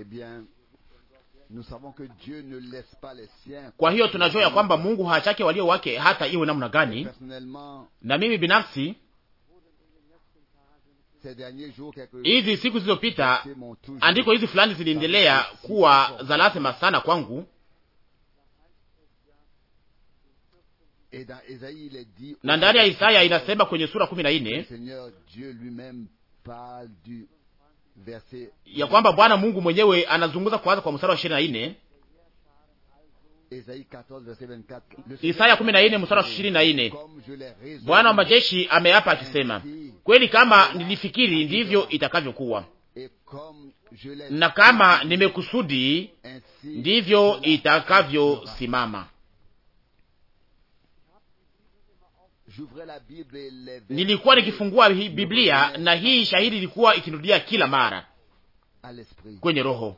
Eh Kwa hiyo tunajua ya kwamba Mungu haachake walio wake hata iwe namna gani. Na mimi binafsi hizi siku zilizopita andiko hizi fulani ziliendelea kuwa za lazima sana kwangu, na ndani ya Isaya inasema kwenye sura kumi na nne ya kwamba Bwana Mungu mwenyewe anazungumza kwanza kwa mstari wa ishirini na nne Isaya kumi na nne mstari wa ishirini na nne Bwana wa majeshi ameapa akisema, kweli kama nilifikiri ndivyo itakavyokuwa, na kama nimekusudi ndivyo itakavyosimama. nilikuwa nikifungua hii Biblia na hii shahidi ilikuwa ikinudia kila mara kwenye roho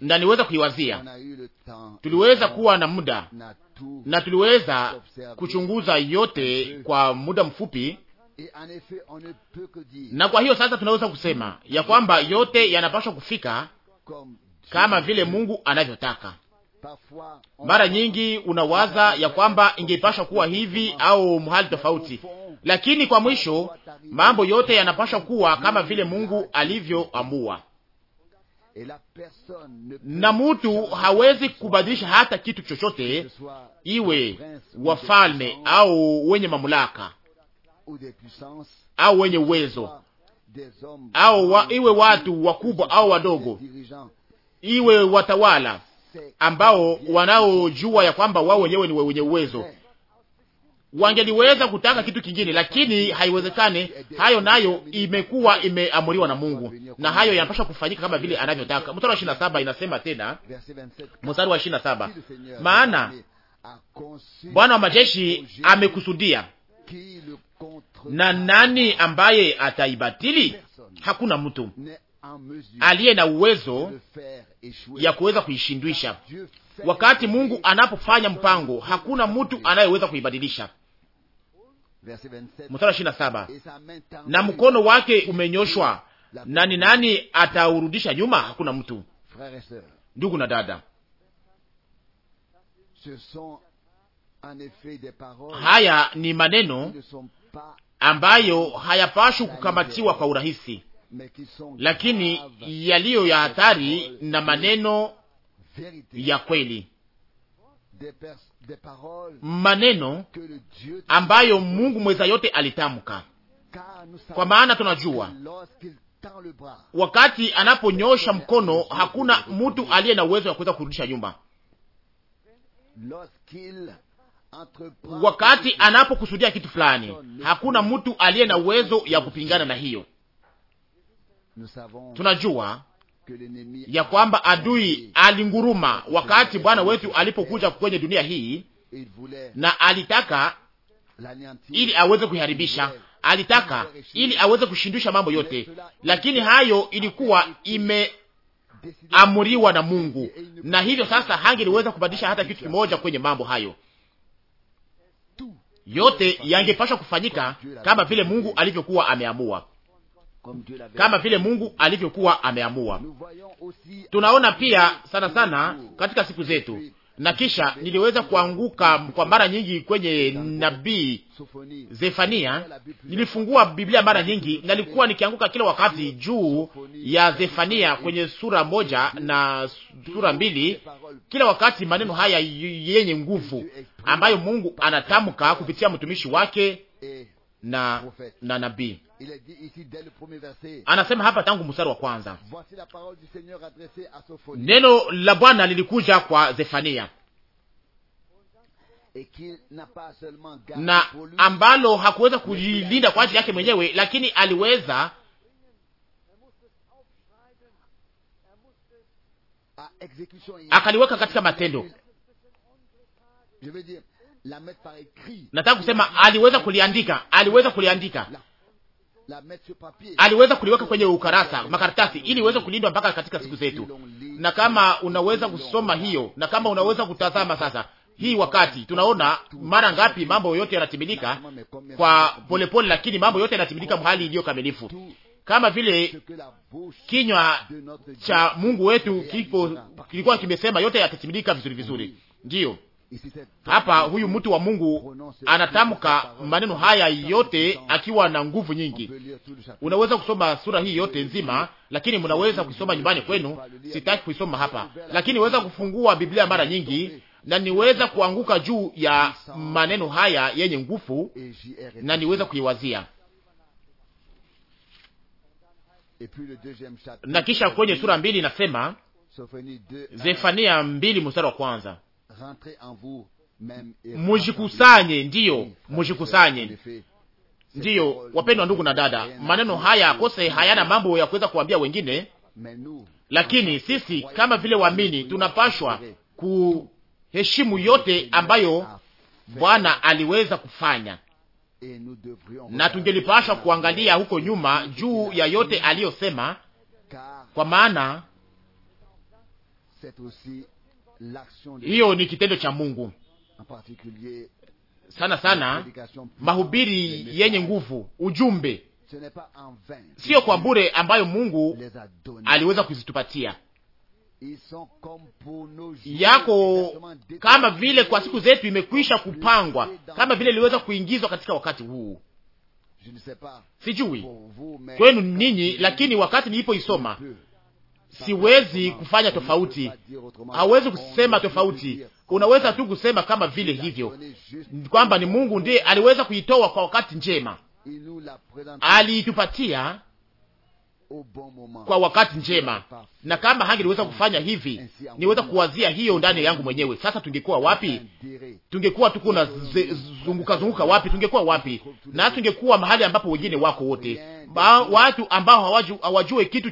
na niweza kuiwazia. Tuliweza kuwa na muda na tuliweza kuchunguza yote kwa muda mfupi, na kwa hiyo sasa tunaweza kusema ya kwamba yote yanapaswa kufika kama vile Mungu anavyotaka. Mara nyingi unawaza ya kwamba ingepasha kuwa hivi au mahali tofauti, lakini kwa mwisho mambo yote yanapasha kuwa kama vile Mungu alivyoamua, na mtu hawezi kubadilisha hata kitu chochote, iwe wafalme au wenye mamlaka au wenye uwezo au wa, iwe watu wakubwa au wadogo, iwe watawala ambao wanaojua ya kwamba wao wenyewe ni wenye uwezo wangeliweza kutaka kitu kingine, lakini haiwezekani. Hayo nayo imekuwa imeamuriwa na Mungu, na hayo yanapaswa kufanyika kama vile anavyotaka. Mstari wa ishirini na saba inasema tena, mstari wa ishirini na saba maana Bwana wa majeshi amekusudia, na nani ambaye ataibatili? Hakuna mtu aliye na uwezo ya kuweza kuishindwisha. Wakati Mungu anapofanya mpango, hakuna mtu anayeweza kuibadilisha. Mstari ishirini na saba, na mkono wake umenyoshwa, na ni nani ataurudisha nyuma? Hakuna mtu. Ndugu na dada, haya ni maneno ambayo hayapashwi kukamatiwa kwa urahisi lakini yaliyo ya hatari na maneno ya kweli, maneno ambayo Mungu mweza yote alitamka, kwa maana tunajua wakati anaponyosha mkono hakuna mtu aliye na uwezo wa kuweza kurudisha nyuma. Wakati anapokusudia kitu fulani, hakuna mtu aliye na uwezo ya kupingana na hiyo tunajua ya kwamba adui alinguruma wakati Bwana wetu alipokuja kwenye dunia hii, na alitaka ili aweze kuiharibisha, alitaka ili aweze kushindusha mambo yote, lakini hayo ilikuwa imeamuriwa na Mungu, na hivyo sasa hangeliweza kubadilisha hata kitu kimoja kwenye mambo hayo yote, yangepashwa kufanyika kama vile Mungu alivyokuwa ameamua kama vile Mungu alivyokuwa ameamua. Tunaona pia sana sana katika siku zetu, na kisha niliweza kuanguka kwa mara nyingi kwenye nabii Zefania. Nilifungua Biblia mara nyingi, nalikuwa nikianguka kila wakati juu ya Zefania kwenye sura moja na sura mbili, kila wakati maneno haya yenye nguvu ambayo Mungu anatamka kupitia mtumishi wake na na nabii Anasema hapa tangu mstari wa kwanza, neno la Bwana lilikuja kwa Zefania na ambalo hakuweza kujilinda kwa ajili yake mwenyewe, lakini aliweza akaliweka katika matendo. Nataka kusema aliweza kuliandika, aliweza kuliandika aliweza kuliweka kwenye ukarasa makaratasi, ili iweze kulindwa mpaka katika siku zetu. Na kama unaweza kusoma hiyo, na kama unaweza kutazama sasa hii wakati tunaona mara ngapi mambo yote yanatimilika kwa polepole pole, lakini mambo yote yanatimilika mahali iliyo kamilifu, kama vile kinywa cha Mungu wetu kipo kilikuwa kimesema, yote yatatimilika vizuri vizuri, ndiyo. Hapa huyu mtu wa Mungu anatamka maneno haya yote akiwa na nguvu nyingi. Unaweza kusoma sura hii yote nzima, lakini mnaweza kuisoma nyumbani kwenu. Sitaki kuisoma hapa, lakini weza kufungua Biblia mara nyingi na niweza kuanguka juu ya maneno haya yenye nguvu, na niweza kuiwazia na kisha kwenye sura mbili inasema Zefania mbili mstari wa kwanza mujikusanye, ndiyo mujikusanye. Ndiyo wapendwa ndugu na dada, maneno haya kose hayana mambo ya kuweza kuambia wengine, lakini sisi kama vile waamini tunapashwa kuheshimu yote ambayo Bwana aliweza kufanya na tungelipashwa kuangalia huko nyuma juu ya yote aliyosema, kwa maana hiyo ni kitendo cha Mungu sana sana, mahubiri yenye nguvu, ujumbe siyo kwa bure ambayo Mungu aliweza kuzitupatia yako kama vile kwa siku zetu imekwisha kupangwa, kama vile iliweza kuingizwa katika wakati huu. Sijui kwenu ninyi, lakini wakati nilipoisoma siwezi kufanya tofauti, hawezi kusema tofauti. Unaweza tu kusema kama vile hivyo kwamba ni Mungu ndiye aliweza kuitoa kwa wakati njema, aliitupatia kwa wakati njema, na kama hangeliweza kufanya hivi, niweza kuwazia hiyo ndani yangu mwenyewe. Sasa tungekuwa wapi? Tungekuwa tuko na zunguka zunguka wapi? Tungekuwa wapi? Na tungekuwa mahali ambapo wengine wako wote, watu ambao hawajue kitu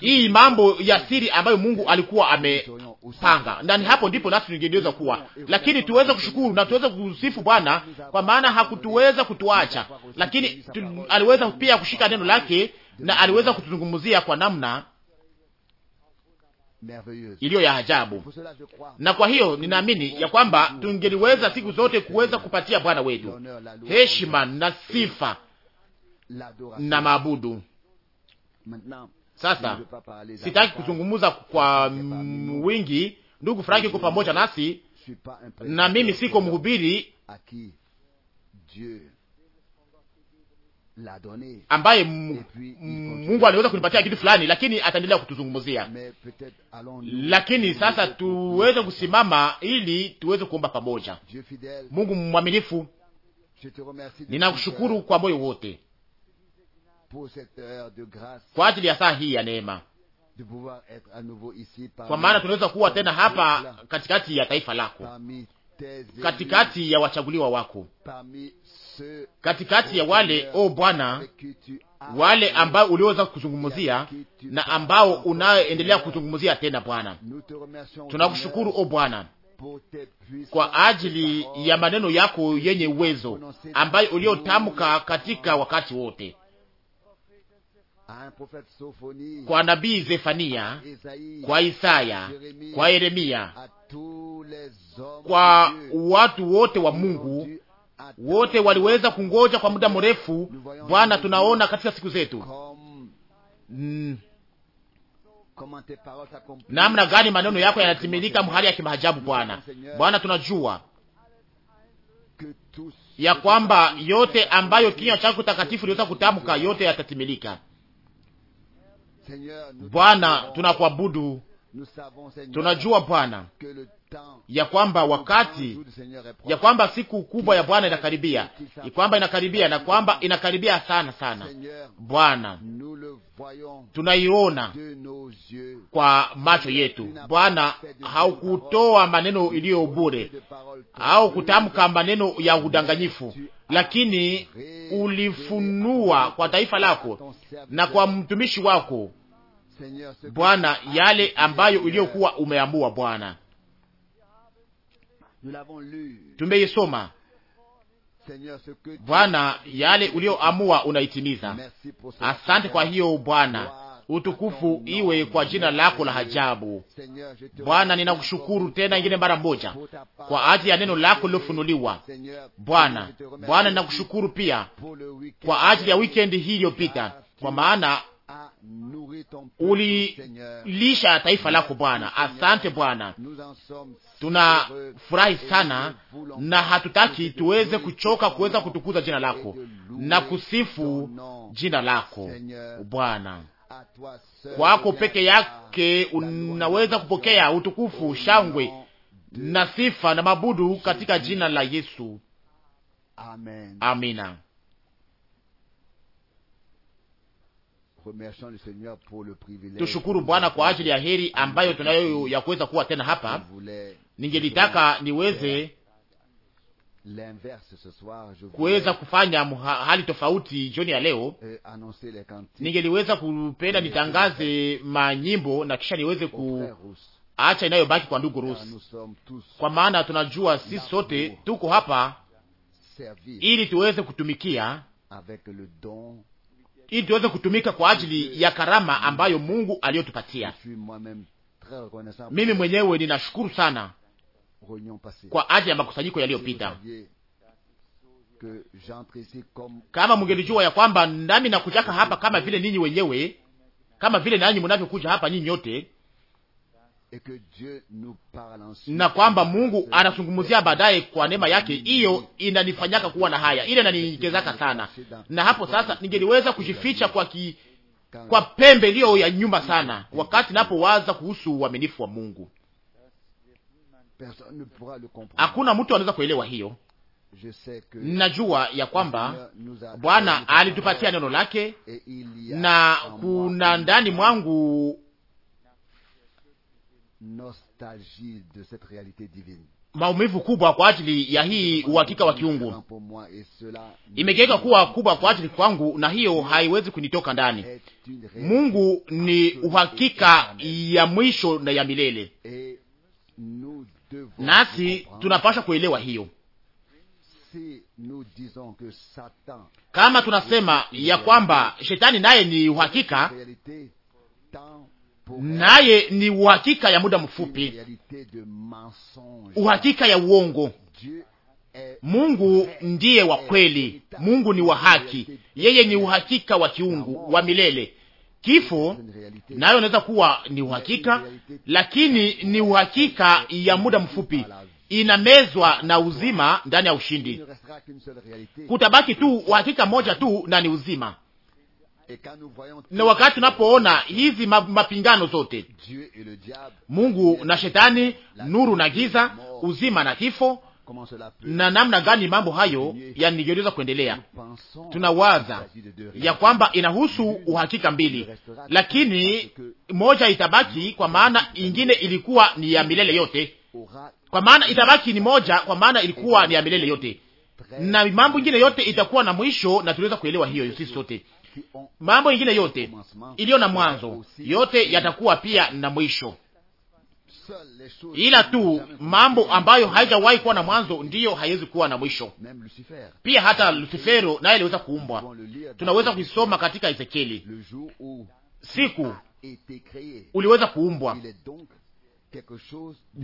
hii mambo ya siri ambayo Mungu alikuwa amepanga ndani. Hapo ndipo nasi tungeweza kuwa, lakini tuweze kushukuru na tuweze kusifu Bwana kwa maana hakutuweza kutuacha, lakini tu, aliweza pia kushika neno lake na aliweza kutuzungumzia kwa namna iliyo ya ajabu. Na kwa hiyo ninaamini ya kwamba tungeliweza siku zote kuweza kupatia Bwana wetu heshima na sifa na maabudu sasa sitaki kuzungumuza kwa wingi. Ndugu Franki uko pamoja nasi, na mimi siko mhubiri ambaye Mungu aliweza kunipatia kitu fulani, lakini ataendelea kutuzungumzia. Lakini sasa tuweze kusimama ili tuweze kuomba pamoja. Mungu mwaminifu, ninakushukuru kwa moyo wote kwa ajili ya saa hii ya neema, kwa maana tunaweza kuwa tena hapa katikati ya taifa lako, katikati ya wachaguliwa wako, katikati ya wale o oh Bwana, wale ambao uliweza kuzungumzia na ambao unaendelea kuzungumzia tena Bwana. Tunakushukuru o oh Bwana kwa ajili ya maneno yako yenye uwezo ambayo uliotamka katika wakati wote Ah, kwa nabii Zefania, kwa Isaya, kwa Yeremia, kwa watu wote wa Mungu wote waliweza kungoja kwa muda mrefu. Bwana, tunaona katika siku zetu mm, namna gani maneno yako yanatimilika mhali ya kimaajabu Bwana. Bwana, tunajua ya kwamba yote ambayo kinywa chako takatifu iliweza kutamka yote yatatimilika Bwana, tunakuabudu. Tunajua Bwana ya kwamba wakati ya kwamba siku kubwa ya Bwana inakaribia, ya kwamba inakaribia na kwamba inakaribia sana sana. Bwana, tunaiona kwa macho yetu. Bwana, haukutoa maneno iliyo bure au kutamka maneno ya udanganyifu, lakini ulifunua kwa taifa lako na kwa mtumishi wako Bwana yale ambayo iliyokuwa umeamua Bwana. Tumeisoma Bwana, yale uliyoamua unaitimiza. Asante kwa hiyo Bwana utukufu iwe kwa jina lako la hajabu. Bwana, ninakushukuru tena ingine mara moja kwa ajili ya neno lako lilofunuliwa. Bwana, Bwana, ninakushukuru pia kwa ajili ya wikendi hii iliyopita, kwa maana ulilisha taifa lako Bwana. Asante Bwana, tunafurahi sana na hatutaki tuweze kuchoka kuweza kutukuza jina lako na kusifu jina lako Bwana kwako peke yake unaweza kupokea utukufu, shangwe na sifa na mabudu katika jina la Yesu. Amina. Tushukuru Bwana kwa ajili ya heri ambayo tunayo ya kuweza kuwa tena hapa. Ningelitaka niweze kuweza kufanya hali tofauti jioni ya leo. Euh, Ningeliweza kupenda euh, nitangaze euh, manyimbo na kisha niweze kuacha inayobaki kwa ndugu Rus, kwa maana tunajua sisi sote tuko hapa ili tuweze kutumikia ili tuweze kutumika kwa ajili ya karama ambayo Mungu aliyotupatia. Mimi mwenyewe ninashukuru sana kwa ajili ya makusanyiko yaliyopita. Kama mungelijua ya kwamba nami nakujaka hapa kama vile ninyi wenyewe, kama vile nanyi munavyokuja hapa nini nyote, na kwamba Mungu anazungumzia baadaye kwa neema yake, hiyo inanifanyaka kuwa na haya, ile inaniongezaka sana. Na hapo sasa ningeliweza kujificha kwa ki, kwa pembe iliyo ya nyuma sana, wakati napowaza kuhusu uaminifu wa Mungu Hakuna mtu anaweza kuelewa hiyo. Ninajua ya kwamba Bwana alitupatia neno lake na kuna ndani mwangu maumivu kubwa kwa ajili ya hii uhakika wa kiungu, imegeuka kuwa kubwa kwa ajili kwangu, na hiyo haiwezi kunitoka ndani. Mungu ni uhakika ya mwisho na ya milele, nasi tunapaswa kuelewa hiyo. Kama tunasema ya kwamba shetani naye ni uhakika, naye ni uhakika ya muda mfupi, uhakika ya uongo. Mungu ndiye wa kweli, Mungu ni wa haki, yeye ni uhakika wa kiungu wa milele Kifo nayo inaweza kuwa ni uhakika, lakini ni uhakika ya muda mfupi, inamezwa na uzima ndani ya ushindi. Kutabaki tu uhakika moja tu, na ni uzima. Na wakati tunapoona hizi mapingano zote, Mungu na Shetani, nuru na giza, uzima na kifo na namna gani mambo hayo yanigeuliza kuendelea. Tunawaza ya kwamba inahusu uhakika mbili, lakini moja itabaki, kwa maana ingine ilikuwa ni ya milele yote, kwa maana itabaki ni moja, kwa maana ilikuwa ni ya milele yote, na mambo ingine yote itakuwa na mwisho, na tunaweza kuelewa hiyo sisi sote. Mambo ingine yote iliyo na mwanzo yote yatakuwa pia na mwisho ila tu mambo ambayo haijawahi kuwa na mwanzo ndiyo haiwezi kuwa na mwisho. Pia hata Lusifero naye aliweza kuumbwa, tunaweza kuisoma katika Ezekieli, siku uliweza kuumbwa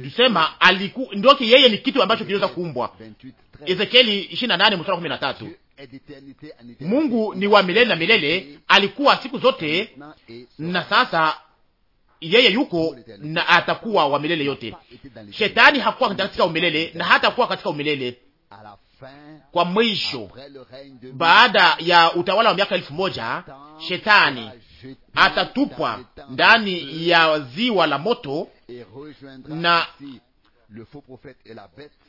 Tusema aliku ndoki yeye ni kitu ambacho kiliweza kuumbwa. Ezekieli 28 mstari 13. Mungu ni wa milele na milele, alikuwa siku zote na sasa yeye yuko na atakuwa wa milele yote. Shetani hakuwa katika umilele na hatakuwa katika umilele. Kwa mwisho, baada ya utawala wa miaka elfu moja shetani atatupwa ndani ya ziwa la moto na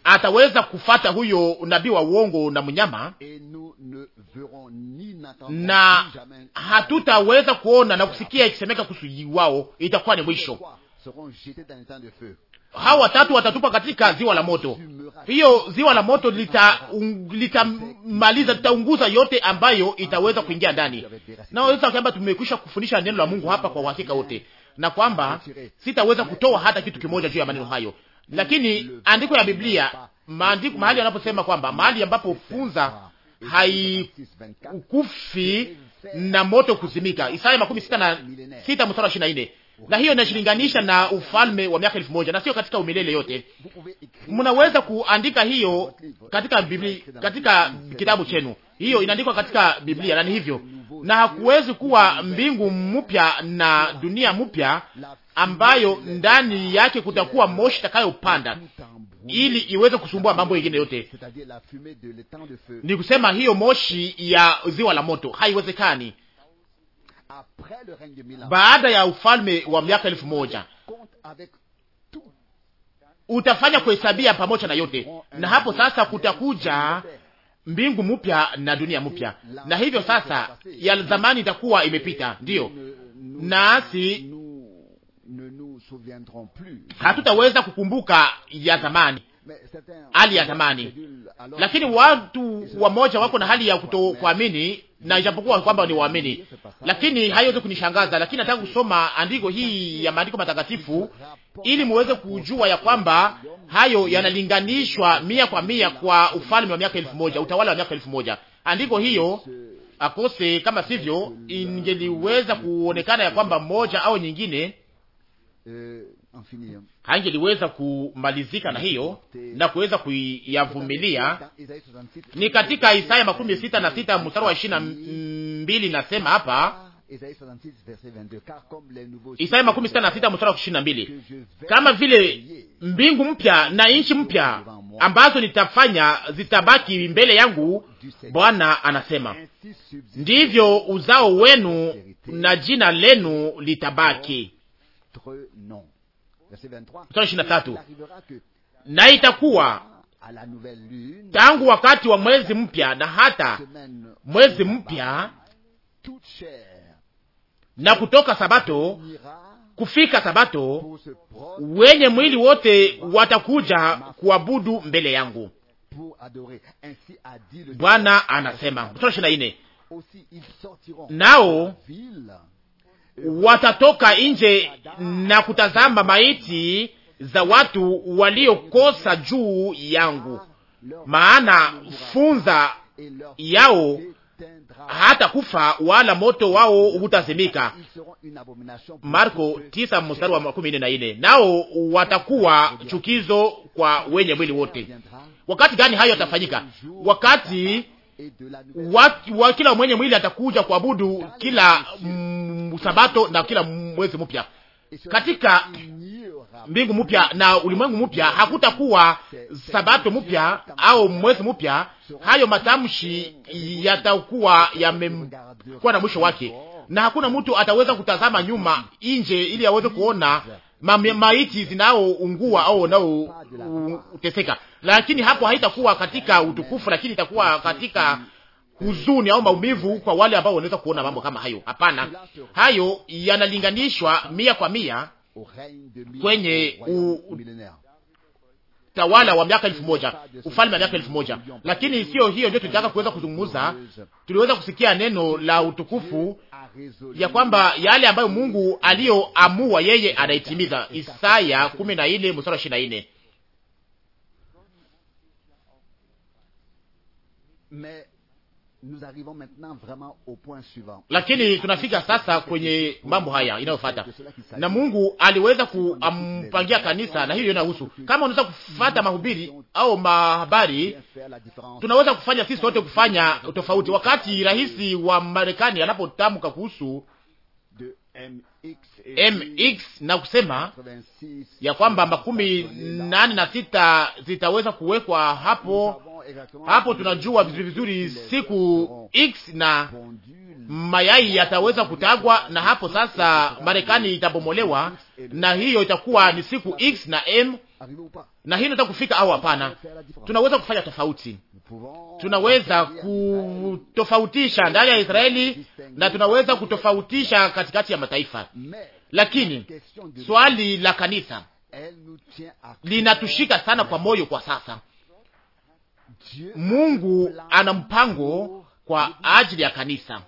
ataweza kufata huyo nabii wa uongo na mnyama, na hatutaweza kuona na kusikia ikisemeka kuhusu wao. Itakuwa ni mwisho. Hawa watatu watatupa katika ziwa la moto. Hiyo ziwa la moto litamaliza, lita litaunguza yote ambayo itaweza kuingia ndani. Naweza kwamba tumekwisha kufundisha neno la Mungu hapa kwa uhakika wote, na kwamba sitaweza kutoa hata kitu kimoja juu ya maneno hayo. Mm. Lakini andiko la Biblia maandiko mahali anaposema kwamba mahali ambapo funza haikufi na moto kuzimika, Isaya makumi sita na sita mstari wa ishirini na nne na hiyo inashilinganisha na ufalme wa miaka elfu moja na sio katika umilele yote. Mnaweza kuandika hiyo katika Biblia, katika kitabu chenu, hiyo inaandikwa katika Biblia na ni hivyo na hakuwezi kuwa mbingu mpya na dunia mpya ambayo ndani yake kutakuwa moshi itakayopanda ili iweze kusumbua mambo yengine yote. Ni kusema hiyo moshi ya ziwa la moto haiwezekani baada ya ufalme wa miaka elfu moja utafanya kuhesabia pamoja na yote, na hapo sasa kutakuja mbingu mpya na dunia mpya. Na hivyo sasa ya zamani itakuwa imepita, ndiyo, nasi hatutaweza kukumbuka ya zamani hali ya zamani, lakini watu wamoja wako na hali ya kutokuamini, na ijapokuwa kwamba ni waamini, lakini haiwezi kunishangaza. Lakini nataka kusoma andiko hii ya maandiko matakatifu ili muweze kujua ya kwamba hayo yanalinganishwa mia kwa mia kwa ufalme wa miaka elfu moja utawala wa miaka elfu moja Andiko hiyo akose, kama sivyo ingeliweza kuonekana ya kwamba moja au nyingine euh, hangeliweza kumalizika na hiyo na kuweza kuyavumilia. Ni katika Isaya makumi sita na sita mstari wa ishirini na mbili nasema hapa Isaya makumi sita na sita mstari wa ishirini na mbili kama vile mbingu mpya na nchi mpya ambazo nitafanya zitabaki mbele yangu, Bwana anasema, ndivyo uzao wenu na jina lenu litabaki. 23, na itakuwa tangu wakati wa mwezi mpya na hata mwezi mpya na kutoka sabato kufika sabato, wenye mwili wote watakuja kuabudu mbele yangu, Bwana anasema. Mstari ishirini na nne nao watatoka nje na kutazama maiti za watu waliokosa juu yangu, maana funza yao hata kufa wala moto wao hutazimika. Marko 9 mstari wa 14. na Nao watakuwa chukizo kwa wenye mwili wote. Wakati gani hayo yatafanyika? Wakati wa kila mwenye mwili atakuja kuabudu kila mm, sabato na kila mwezi mpya katika mbingu mpya na ulimwengu mpya. Hakutakuwa sabato mpya au mwezi mpya. Hayo matamshi yatakuwa yamekuwa na mwisho wake, na hakuna mtu ataweza kutazama nyuma nje ili aweze kuona ma maiti zinaoungua au wanaoteseka lakini hapo haitakuwa katika utukufu, lakini itakuwa katika huzuni au maumivu kwa wale ambao wanaweza kuona mambo kama hayo. Hapana, hayo yanalinganishwa mia kwa mia kwenye u tawala wa miaka elfu moja ufalme wa miaka elfu moja Lakini sio hiyo ndio tulitaka kuweza kuzungumza. Tuliweza kusikia neno la utukufu ya kwamba yale ambayo Mungu aliyoamua yeye anaitimiza. Isaya kumi na nne mstari wa ishirini na nne Lakini tunafika sasa kwenye mambo haya inayofuata, na Mungu aliweza kumpangia kanisa, na hiyo inahusu kama unaweza kufuata mahubiri au mahabari, tunaweza kufanya sisi wote kufanya tofauti. Wakati rais wa Marekani anapotamka kuhusu MX na kusema ya kwamba makumi nane na sita zitaweza kuwekwa hapo hapo tunajua vizuri vizuri siku x na mayai yataweza kutagwa, na hapo sasa Marekani itabomolewa, na hiyo itakuwa ni siku x na m, na hiyo nataka kufika au hapana? Tunaweza kufanya tofauti, tunaweza kutofautisha ndani ya Israeli na tunaweza kutofautisha katikati ya mataifa, lakini swali la kanisa linatushika sana kwa moyo kwa sasa Mungu ana mpango kwa ajili ya kanisa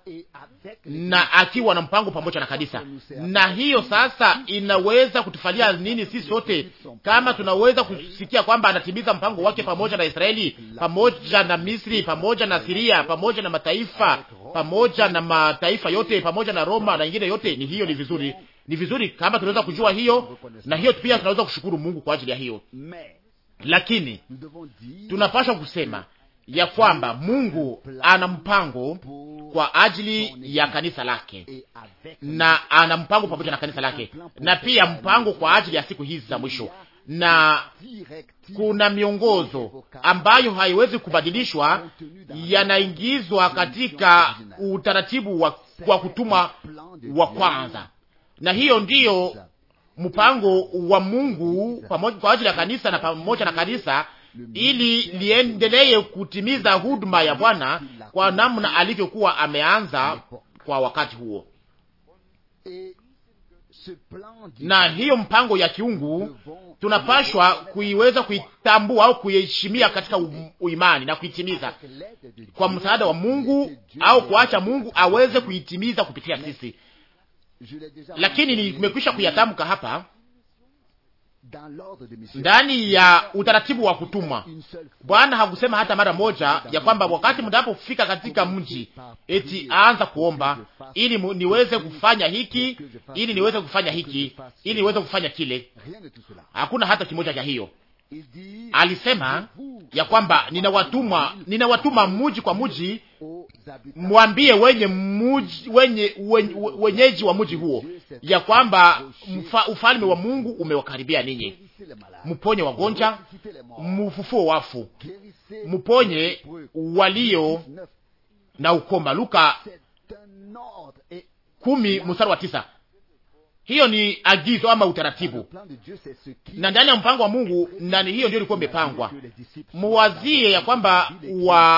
na akiwa na mpango pamoja na kanisa, na hiyo sasa inaweza kutufalia nini sisi sote, kama tunaweza kusikia kwamba anatimiza mpango wake pamoja na Israeli, pamoja na Misri, pamoja na Siria, pamoja na mataifa, pamoja na mataifa yote, pamoja na Roma na ingine yote. Ni hiyo, ni vizuri, ni vizuri kama tunaweza kujua hiyo, na hiyo pia tunaweza kushukuru Mungu kwa ajili ya hiyo lakini tunapaswa kusema ya kwamba Mungu ana mpango kwa ajili ya kanisa lake, na ana mpango pamoja na kanisa lake, na pia mpango kwa ajili ya siku hizi za mwisho, na kuna miongozo ambayo haiwezi kubadilishwa, yanaingizwa katika utaratibu wa, wa kutuma wa kwanza, na hiyo ndiyo mpango wa Mungu pamoja kwa ajili ya kanisa na pamoja na kanisa ili liendelee kutimiza huduma ya Bwana kwa namna alivyokuwa ameanza kwa wakati huo. Na hiyo mpango ya kiungu tunapashwa kuiweza kuitambua au kuiheshimia katika uimani na kuitimiza kwa msaada wa Mungu, au kuacha Mungu aweze kuitimiza kupitia sisi lakini nimekwisha kuyatamka hapa ndani ya utaratibu wa kutumwa. Bwana hakusema hata mara moja ya kwamba wakati mnapofika katika mji eti aanza kuomba ili niweze kufanya hiki, ili niweze kufanya hiki, ili niweze kufanya kile. Hakuna hata kimoja cha hiyo alisema ya kwamba ninawatuma ninawatuma muji kwa muji, mwambie wenye muji, wenye, wenye, wenyeji wa muji huo ya kwamba mfa, ufalme wa Mungu umewakaribia ninyi. Muponye wagonja, mufufuo wafu, muponye walio na ukoma. Luka kumi mstari wa tisa. Hiyo ni agizo ama utaratibu, na ndani ya mpango wa Mungu ndani hiyo ndio ilikuwa imepangwa. Muwazie ya kwamba wa,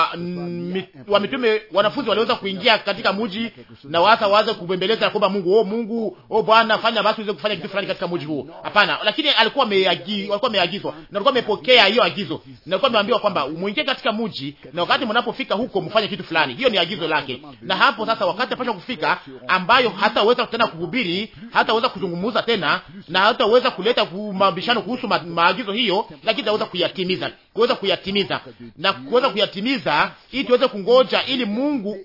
wa mitume wanafunzi waliweza kuingia katika mji na wasa waanze kubembeleza ya kwamba Mungu oh, Mungu oh, Bwana fanya basi uweze kufanya kitu fulani katika mji huo. Hapana, lakini alikuwa ameagi, alikuwa ameagizwa na alikuwa amepokea hiyo agizo, na alikuwa ameambiwa kwamba muingie katika mji na wakati mnapofika huko mfanye kitu fulani. Hiyo ni agizo lake, na hapo sasa wakati apasha kufika ambayo hataweza tena kuhubiri hata hataweza kuzungumza tena na hataweza kuleta mabishano kuhusu ma, maagizo hiyo, lakini taweza kuyatimiza, kuweza kuyatimiza na kuweza kuyatimiza, ili tuweze kungoja, ili Mungu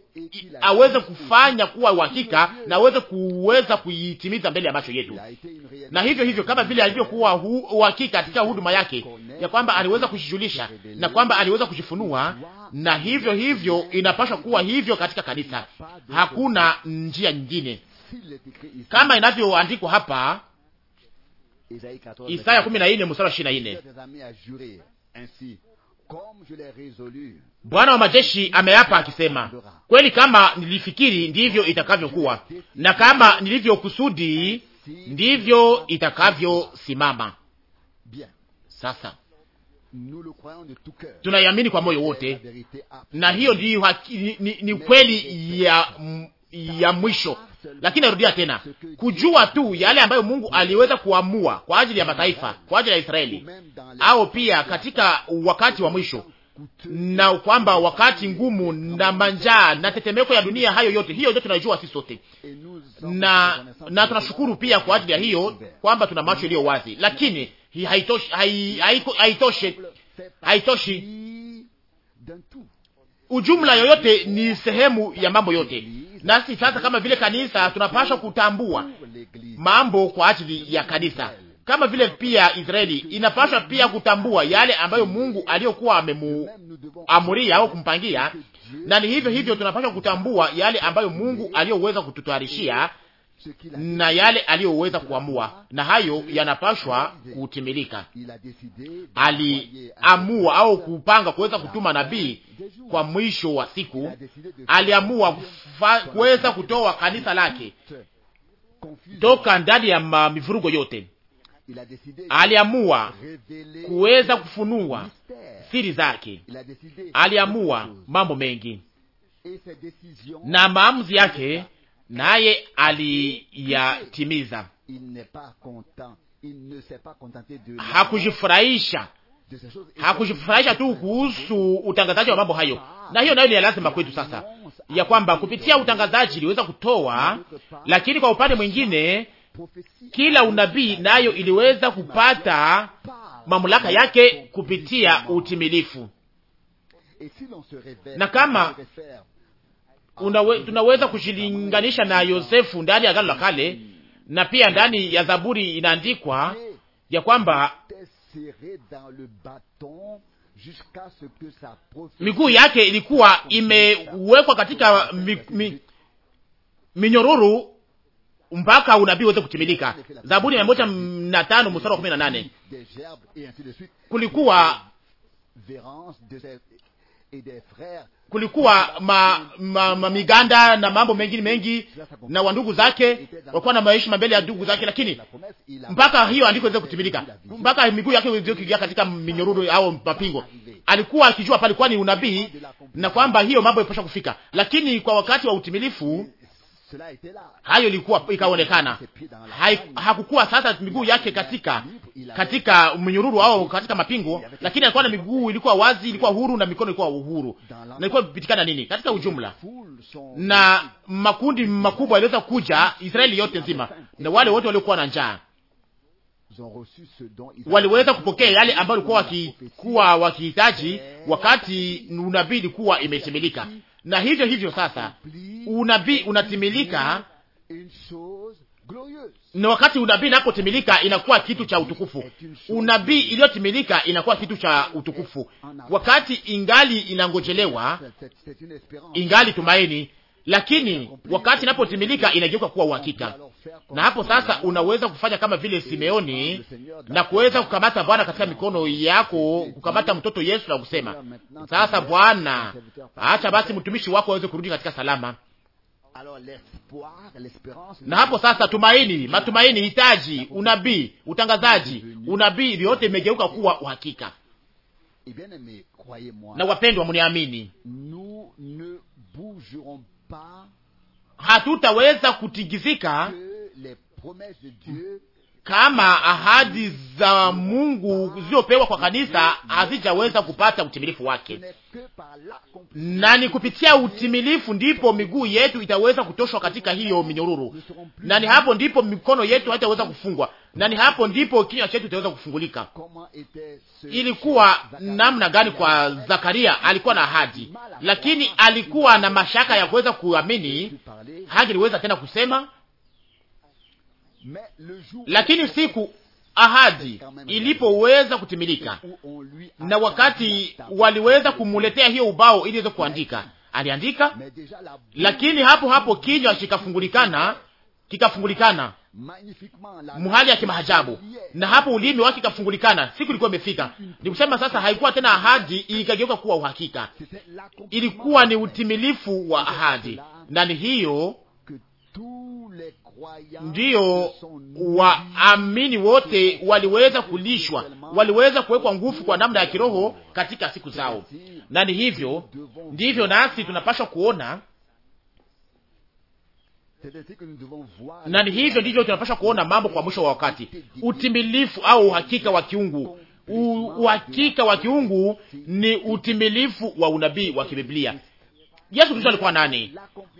aweze kufanya kuwa uhakika na aweze kuweza kuitimiza mbele ya macho yetu. Na hivyo hivyo kama vile alivyokuwa uhakika katika huduma yake ya kwamba aliweza kujijulisha na kwamba aliweza kujifunua na hivyo hivyo inapaswa kuwa hivyo katika kanisa. Hakuna njia nyingine kama inavyoandikwa hapa Isaya kumi na nne mstari ishirini na nne Bwana wa majeshi ameapa akisema, kweli kama nilifikiri ndivyo itakavyokuwa, na kama nilivyokusudi ndivyo itakavyosimama. Sasa tunaiamini kwa moyo wote, na hiyo ndiyo ni, ni, ni kweli ya, ya mwisho lakini narudia tena, kujua tu yale ambayo Mungu aliweza kuamua kwa ajili ya mataifa, kwa ajili ya Israeli, au pia katika wakati wa mwisho, na kwamba wakati ngumu na manjaa na tetemeko ya dunia, hayo yote, hiyo yote tunajua sisi sote, na na tunashukuru pia kwa ajili ya hiyo kwamba tuna macho iliyo wazi, lakini haitoshi, haitoshi, haitoshi. Ujumla yoyote ni sehemu ya mambo yote Nasi sasa kama vile kanisa tunapaswa kutambua mambo kwa ajili ya kanisa, kama vile pia Israeli inapaswa pia kutambua yale ambayo Mungu aliyokuwa amemuamuria au kumpangia, na ni hivyo hivyo tunapaswa kutambua yale ambayo Mungu aliyoweza kututayarishia na yale aliyoweza kuamua, na hayo yanapashwa kutimilika. Aliamua au kupanga kuweza kutuma nabii kwa mwisho wa siku, aliamua kuweza kutoa kanisa lake toka ndani ya mivurugo yote. Aliamua kuweza kufunua siri zake, aliamua mambo mengi na maamuzi yake naye aliyatimiza. Hakujifurahisha, hakujifurahisha tu kuhusu utangazaji wa mambo hayo, ah, na hiyo nayo ni ya lazima kwetu sasa, ya kwamba kupitia utangazaji iliweza kutoa, lakini kwa upande mwingine kila unabii nayo iliweza kupata mamlaka yake kupitia utimilifu na kama unawe, tunaweza kujilinganisha na Yosefu ndani ya Agano la Kale, na pia ndani ya Zaburi inaandikwa ya kwamba miguu yake ilikuwa imewekwa katika mi, mi, minyororo mpaka unabii uweze kutimilika. Zaburi mia moja na tano mstari wa kumi na nane kulikuwa kulikuwa ma, ma, ma miganda na mambo mengine mengi, na wandugu zake walikuwa na maisha mbele ya ndugu zake, lakini mpaka hiyo andiko iweze kutimilika, mpaka miguu yake iweze kuingia katika minyororo au mapingo, alikuwa akijua palikuwa ni unabii na kwamba hiyo mambo yapasha kufika, lakini kwa wakati wa utimilifu hayo ilikuwa ikaonekana, hakukuwa sasa miguu yake katika katika mnyururu au katika mapingo, lakini alikuwa na miguu ilikuwa wazi, ilikuwa huru na mikono ilikuwa uhuru, na ilikuwa vipitikana nini katika ujumla, na makundi makubwa yaliweza kuja Israeli yote nzima, na wale wote waliokuwa na njaa waliweza kupokea yale ambayo walikuwa wakihitaji, wakati eh, unabii ilikuwa imetimilika na hivyo hivyo sasa unabii unatimilika, na wakati unabii inapotimilika inakuwa kitu cha utukufu. Unabii iliyotimilika inakuwa kitu cha utukufu, wakati ingali inangojelewa, ingali tumaini, lakini wakati inapotimilika inageuka kuwa uhakika na hapo sasa unaweza kufanya kama vile Simeoni na kuweza kukamata Bwana katika mikono yako, kukamata mtoto Yesu na kusema sasa, Bwana, acha basi mtumishi wako aweze kurudi katika salama. Na hapo sasa, tumaini, matumaini, hitaji, unabii, utangazaji, unabii, vyote imegeuka kuwa uhakika. Na wapendwa, mniamini, hatutaweza kutigizika Mm. kama ahadi za Mungu zilizopewa kwa kanisa hazijaweza kupata utimilifu wake, na ni kupitia utimilifu ndipo miguu yetu itaweza kutoshwa katika hiyo minyururu na ni hapo ndipo mikono yetu haitaweza kufungwa, na ni hapo ndipo kinywa chetu itaweza kufungulika. Ilikuwa namna gani kwa Zakaria? Alikuwa na ahadi, lakini alikuwa na mashaka ya kuweza kuamini. Hangeliweza tena kusema lakini siku ahadi ilipoweza kutimilika na wakati waliweza kumuletea hiyo ubao ili iweze kuandika, aliandika, lakini hapo hapo kinywa kikafungulikana, kikafungulikana mhali ya kimahajabu na hapo ulimi wake ikafungulikana. Siku ilikuwa imefika, ni kusema sasa haikuwa tena ahadi, ikageuka kuwa uhakika, ilikuwa ni utimilifu wa ahadi, na ni hiyo ndiyo waamini wote waliweza kulishwa, waliweza kuwekwa nguvu kwa namna ya kiroho katika siku zao. Na ni hivyo ndivyo nasi tunapaswa kuona, na ni hivyo ndivyo tunapaswa kuona mambo kwa mwisho wa wakati, utimilifu au uhakika wa kiungu. Uhakika wa kiungu ni utimilifu wa unabii wa kibiblia Yesu Kristo alikuwa nani?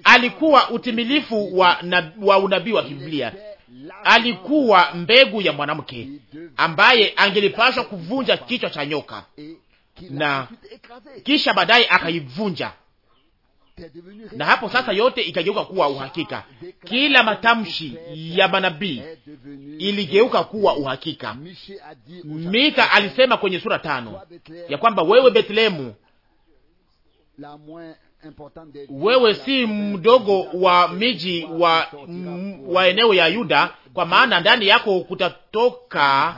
Alikuwa utimilifu wa, na, wa unabii wa Biblia. Alikuwa mbegu ya mwanamke ambaye angelipashwa kuvunja kichwa cha nyoka na kisha baadaye akaivunja, na hapo sasa yote ikageuka kuwa uhakika. Kila matamshi ya manabii iligeuka kuwa uhakika. Mika alisema kwenye sura tano ya kwamba wewe Betlehemu wewe si mdogo wa miji wa, wa eneo ya Yuda, kwa maana ndani yako kutatoka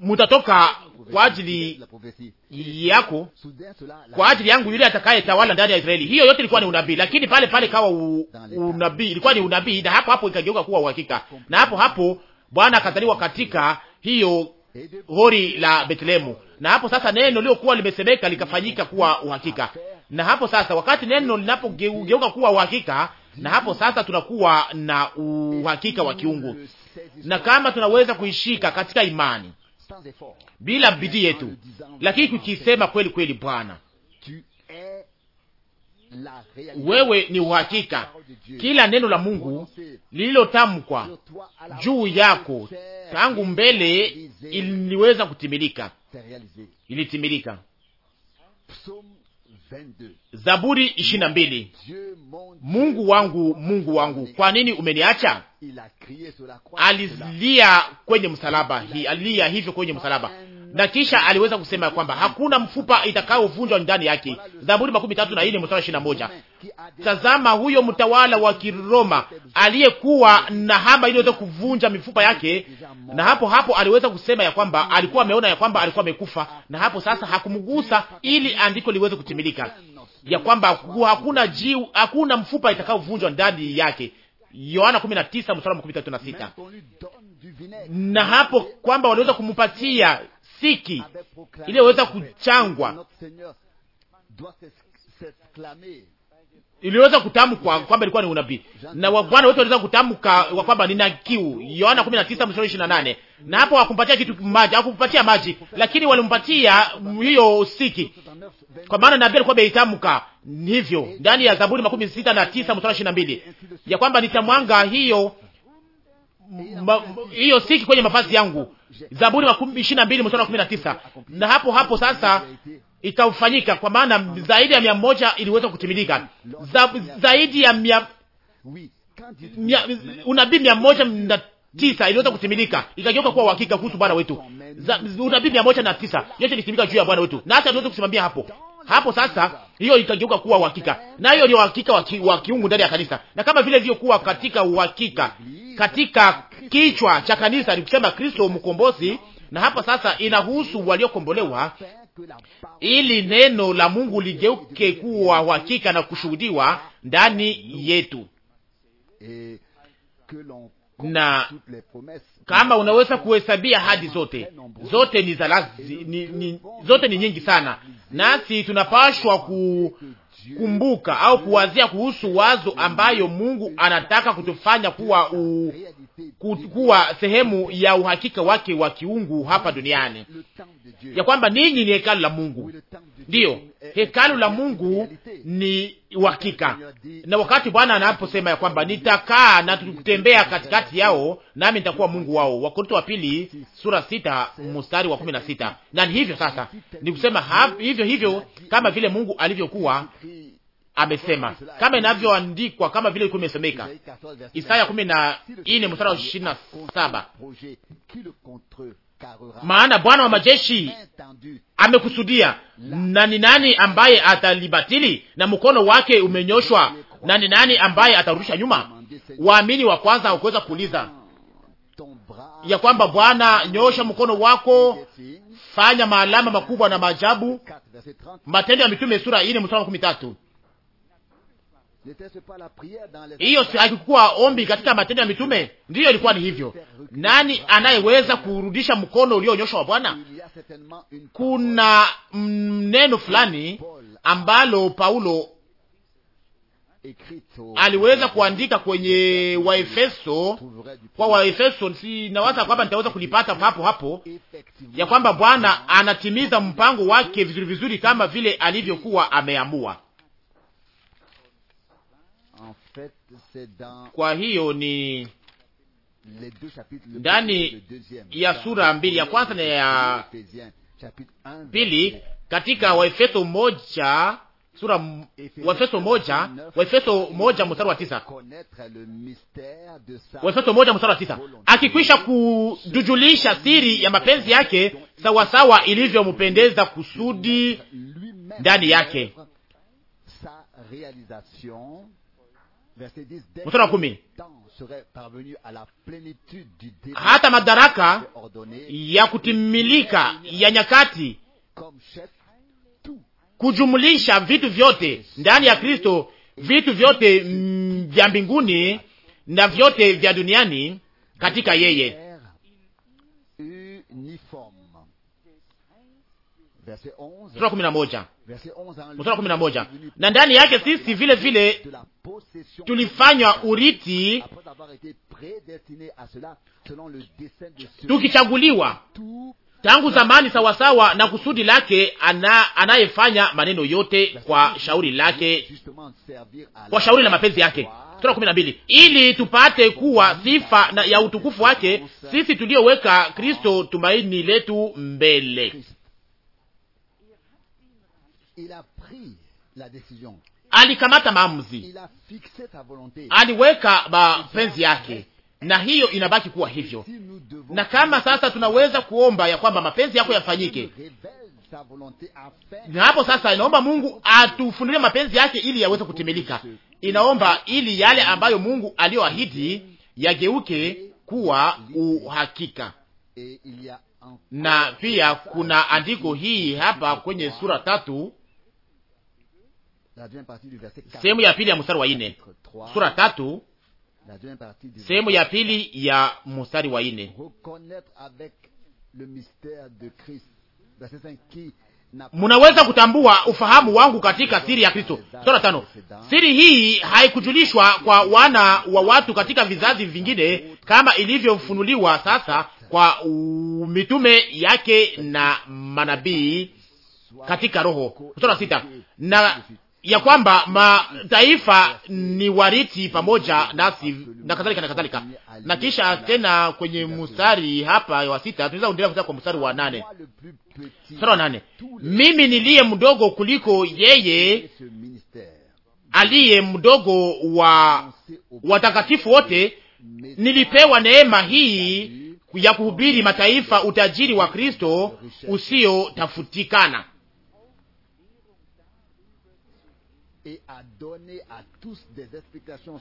mutatoka kwa ajili yako kwa ajili yangu yule atakaye tawala ndani ya Israeli. Hiyo yote ilikuwa ni unabii, lakini pale pale kawa unabii ilikuwa ni unabii, na hapo hapo ikageuka kuwa uhakika, na hapo hapo Bwana akazaliwa katika hiyo hori la Betlehemu na hapo sasa neno liliokuwa limesemeka likafanyika kuwa uhakika. Na hapo sasa, wakati neno linapogeuka kuwa uhakika, na hapo sasa tunakuwa na uhakika wa kiungu, na kama tunaweza kuishika katika imani bila bidii yetu, lakini kukisema kweli kweli, Bwana wewe ni uhakika. Kila neno la Mungu lililotamkwa juu yako tangu mbele iliweza kutimilika, ilitimilika. Zaburi ishirini na mbili. Mungu wangu, Mungu wangu, kwa nini umeniacha? Alilia kwenye msalaba, hii, alilia hivyo kwenye msalaba, na kisha aliweza kusema ya kwamba hakuna mfupa itakayovunjwa ndani yake. Zaburi makumi tatu na nne mstari ishirini na moja. Tazama huyo mtawala wa Kiroma aliyekuwa na hama iliyoweza kuvunja mifupa yake, na hapo hapo aliweza kusema ya kwamba alikuwa ameona ya kwamba alikuwa amekufa, na hapo sasa hakumgusa ili andiko liweze kutimilika ya kwamba hakuna jiu, hakuna mfupa itakaovunjwa ndani yake, Yohana 19 mstari 36. Na hapo kwamba waliweza kumpatia siki iliyoweza kuchangwa iliweza kutamkwa kwamba ilikuwa ni unabii, na wabwana wote waliweza kutamka kwa kwamba nina kiu, Yohana 19:28. Na hapo hakumpatia kitu maji, hakumpatia maji, lakini walimpatia hiyo usiki, kwa maana nabii alikuwa ameitamka hivyo ndani ya Zaburi makumi ya kwamba nitamwanga hiyo Ma, hiyo siki kwenye mavazi yangu. Zaburi makumi mstari wa kumi Na hapo hapo sasa itaufanyika, kwa maana zaidi ya mia moja iliweza kutimilika za, zaidi ya mia, mia, unabii mia moja na tisa iliweza kutimilika ikageuka kuwa uhakika kuhusu Bwana wetu. Unabii mia moja na tisa yote ilitimilika juu ya Bwana wetu, na hata tuweze kusimamia hapo hapo sasa, hiyo itageuka kuwa uhakika, na hiyo ni uhakika wa kiungu ndani ya kanisa, na kama vile ilivyokuwa katika uhakika katika kichwa cha kanisa, nikusema Kristo mkombozi. Na hapa sasa inahusu waliokombolewa ili neno la Mungu ligeuke kuwa uhakika na kushuhudiwa ndani yetu na kama unaweza kuhesabia hadi zote zote ni, zalazi, ni, ni zote ni nyingi sana, nasi tunapashwa kukumbuka au kuwazia kuhusu wazo ambayo Mungu anataka kutufanya kuwa u, kuwa sehemu ya uhakika wake wa kiungu hapa duniani, ya kwamba ninyi ni hekalu la Mungu. Ndiyo, hekalu la Mungu ni uhakika, na wakati Bwana anaposema ya kwamba nitakaa na tutembea katikati yao, nami nitakuwa Mungu wao, Wakorinto wa pili sura sita mstari wa kumi na sita. Na ni hivyo sasa, ni kusema hivyo hivyo kama vile Mungu alivyokuwa amesema kama inavyoandikwa, kama vile ilikuwa imesemeka Isaya kumi na nne mstari wa ishirini na saba maana Bwana wa majeshi amekusudia, na ni nani ambaye atalibatili? Na mkono wake umenyoshwa, na ni nani ambaye atarudisha nyuma? Waamini wa kwanza hawakuweza kuuliza ya kwamba Bwana, nyosha mkono wako, fanya maalama makubwa na maajabu. Matendo ya Mitume sura ine mstari wa tatu. Hiyo haikuwa ombi katika Matendo ya Mitume, ndiyo ilikuwa ni hivyo. Nani anayeweza kurudisha mkono ulionyoshwa wa Bwana? Kuna neno fulani ambalo Paulo aliweza kuandika kwenye Waefeso kwa Waefeso, sinawaza kwamba nitaweza kulipata hapo hapo, ya kwamba Bwana anatimiza mpango wake vizuri vizuri, kama vile alivyokuwa ameamua. Kwa hiyo ni ndani ya sura mbili ya kwanza na ya pili katika Waefeso moja sura Waefeso moja Waefeso moja mstari wa tisa Waefeso moja mstari wa tisa akikwisha kujujulisha siri ya mapenzi yake sawasawa ilivyompendeza kusudi ndani yake mstari wa kumi hata madaraka ya kutimilika ya nyakati kujumulisha vitu vyote ndani ya Kristo, vitu vyote vya mbinguni na vyote vya duniani katika yeye. kumi na moja kumi na moja na ndani yake sisi vile vile tulifanywa uriti tukichaguliwa tangu zamani sawasawa na kusudi lake ana, anayefanya maneno yote kwa shauri lake kwa shauri la mapenzi yake. kumi na mbili ili tupate kuwa sifa na ya utukufu wake, sisi tulioweka Kristo tumaini letu mbele alikamata maamuzi, aliweka mapenzi yake, na hiyo inabaki kuwa hivyo. Na kama sasa tunaweza kuomba ya kwamba mapenzi yako yafanyike, na hapo sasa inaomba Mungu atufunulie mapenzi yake ili yaweze kutimilika. Inaomba ili yale ambayo Mungu aliyoahidi yageuke kuwa uhakika. Na pia kuna andiko hii hapa kwenye sura tatu sehemu ya pili ya mstari wa ine sura tatu sehemu ya pili ya mstari wa ine munaweza kutambua ufahamu wangu katika siri ya Kristo. Sura tano. Siri hii haikujulishwa kwa wana wa watu katika vizazi vingine kama ilivyofunuliwa sasa kwa mitume yake na manabii katika Roho. Sura sita. Na ya kwamba mataifa ni warithi pamoja nasi na kadhalika na kadhalika. Na kisha tena kwenye mstari hapa wa sita tunaweza kuendelea kutoka kwa mstari wa nane sura nane mimi niliye mdogo kuliko yeye aliye mdogo wa watakatifu wote, nilipewa neema hii ya kuhubiri mataifa utajiri wa Kristo usiotafutikana.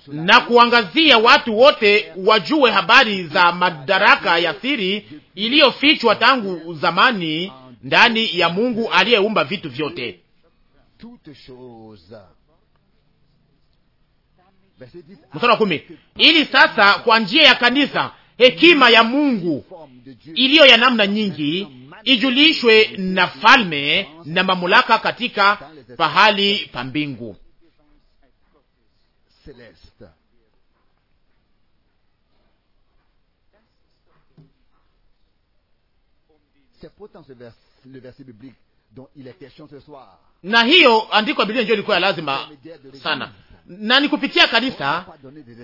na kuangazia watu wote wajue habari za madaraka ya siri iliyofichwa tangu zamani ndani ya Mungu aliyeumba vitu vyote. Mstari wa kumi. Ili sasa kwa njia ya kanisa hekima ya Mungu iliyo ya namna nyingi ijulishwe na falme na mamlaka katika pahali pa mbingu. Na hiyo andiko ya Biblia ndio ilikuwa lazima sana, na ni kupitia kanisa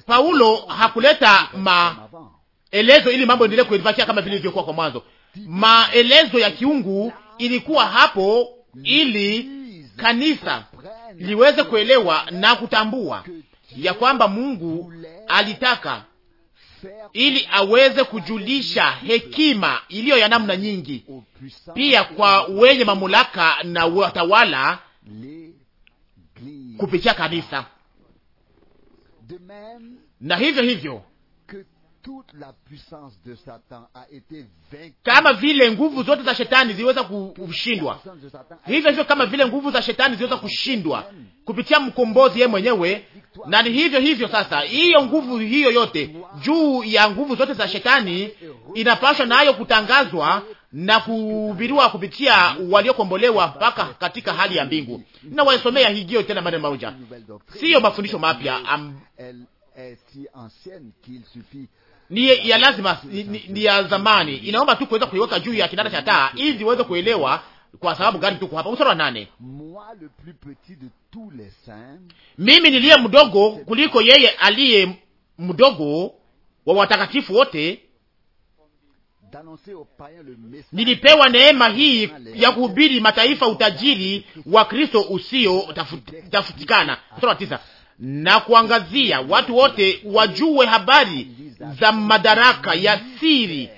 Paulo hakuleta maelezo ili mambo endelee kuivakia kama vile ilivyokuwa kwa mwanzo maelezo ya kiungu ilikuwa hapo ili kanisa liweze kuelewa na kutambua ya kwamba Mungu alitaka ili aweze kujulisha hekima iliyo ya namna nyingi, pia kwa wenye mamlaka na watawala kupitia kanisa, na hivyo hivyo kama vile nguvu zote za shetani ziliweza kushindwa, hivyo hivyo kama vile nguvu za shetani ziliweza kushindwa kupitia mkombozi yeye mwenyewe, na ni hivyo hivyo sasa, hiyo nguvu hiyo yote juu ya nguvu zote za shetani inapaswa nayo kutangazwa na kuhubiriwa kupitia waliokombolewa mpaka katika hali ya mbingu. Na waisomea hiyo tena mara moja, siyo mafundisho mapya am ni ya lazima, ni, ni ya zamani. Inaomba tu kuweza kuiweka juu ya kinanda cha taa ili ziweze kuelewa kwa sababu gani tuko hapa. Mstari wa nane, mimi niliye mdogo kuliko yeye aliye mdogo wa watakatifu wote, nilipewa neema hii ya kuhubiri mataifa utajiri wa Kristo usio tafutikana. Mstari wa tisa na kuangazia watu wote wajue habari za madaraka ya siri,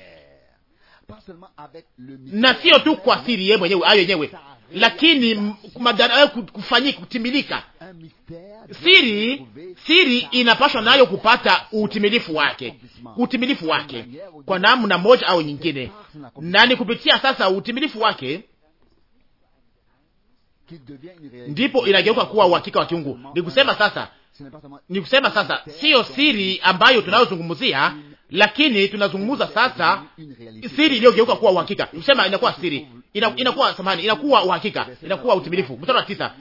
na sio tu kwa siri yeye mwenyewe ayo yenyewe, lakini eh, kufanyika, kutimilika siri. Siri inapaswa nayo kupata utimilifu wake, utimilifu wake kwa namna moja au nyingine, na ni kupitia sasa utimilifu wake ndipo inageuka kuwa uhakika wa kiungu. Ni kusema sasa, ni kusema sasa, siyo siri ambayo tunayozungumzia, lakini tunazungumza sasa siri iliyogeuka kuwa uhakika. Ni kusema inakuwa siri inakuwa samani, inakuwa uhakika, inakuwa utimilifu. Mstari wa tisa,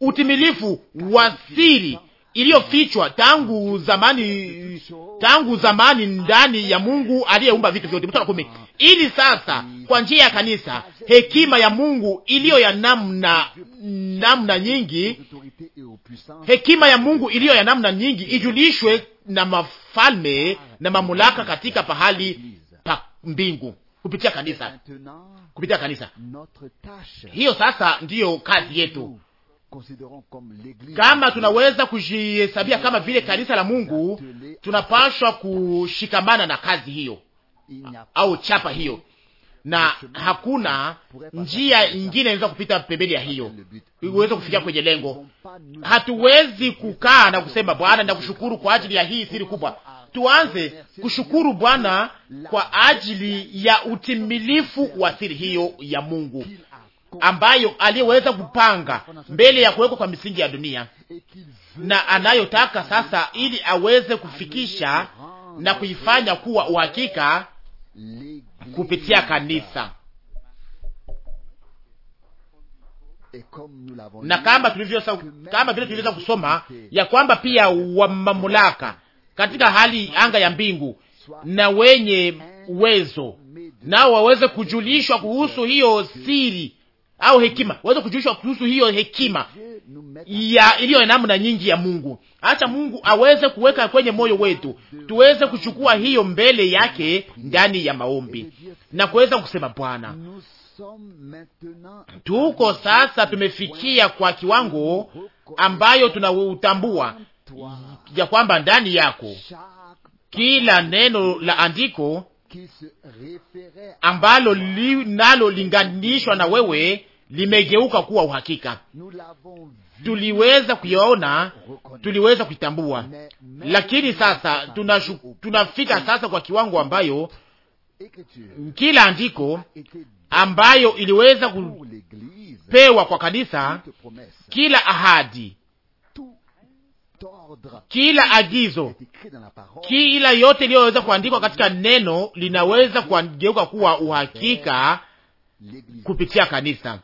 utimilifu wa siri iliyofichwa tangu zamani, tangu zamani ndani ya Mungu aliyeumba vitu vyote. Mstari kumi, ili sasa kwa njia ya kanisa hekima ya Mungu iliyo ya namna namna nyingi, hekima ya Mungu iliyo ya namna nyingi ijulishwe na mafalme na mamlaka katika pahali pa mbingu kupitia kanisa, kupitia kanisa. Hiyo sasa ndiyo kazi yetu kama tunaweza kujihesabia kama vile kanisa la Mungu, tunapashwa kushikamana na kazi hiyo au chapa hiyo, na hakuna njia ingine inaweza kupita pembeni ya hiyo uweze kufikia kwenye lengo. Hatuwezi kukaa na kusema Bwana, nakushukuru kwa ajili ya hii siri kubwa. Tuanze kushukuru Bwana kwa ajili ya utimilifu wa siri hiyo ya Mungu ambayo aliyeweza kupanga mbele ya kuwekwa kwa misingi ya dunia na anayotaka sasa, ili aweze kufikisha na kuifanya kuwa uhakika kupitia kanisa. Na kama tulivyoweza kama vile tuliweza kusoma ya kwamba pia wa mamlaka katika hali anga ya mbingu na wenye uwezo nao waweze kujulishwa kuhusu hiyo siri au hekima, waweze kujulishwa kuhusu hiyo hekima ya iliyo namna nyingi ya Mungu. Acha Mungu aweze kuweka kwenye moyo wetu, tuweze kuchukua hiyo mbele yake ndani ya maombi na kuweza kusema Bwana, tuko sasa tumefikia kwa kiwango ambayo tunautambua ya kwamba ndani yako kila neno la andiko ambalo linalolinganishwa na wewe limegeuka kuwa uhakika. Tuliweza kuyaona, tuliweza kuitambua, lakini sasa tunashu, tunafika sasa kwa kiwango ambayo kila andiko ambayo iliweza kupewa kwa kanisa, kila ahadi kila agizo, kila yote iliyoweza kuandikwa katika neno linaweza kugeuka kuwa uhakika kupitia kanisa